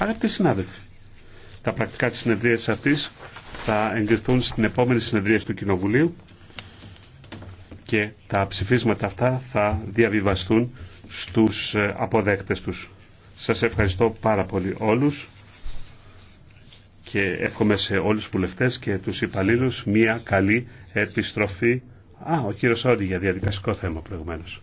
Αγαπητοί συνάδελφοι, τα πρακτικά της συνεδρίας αυτής θα εγκριθούν στην επόμενη συνεδρία του Κοινοβουλίου και τα ψηφίσματα αυτά θα διαβιβαστούν στους ε, αποδέκτες τους. Σας ευχαριστώ πάρα πολύ όλους και εύχομαι σε όλους τους βουλευτές και τους υπαλλήλους μια καλή επιστροφή. Α, ο κύριος Όντι για διαδικαστικό θέμα προηγουμένως.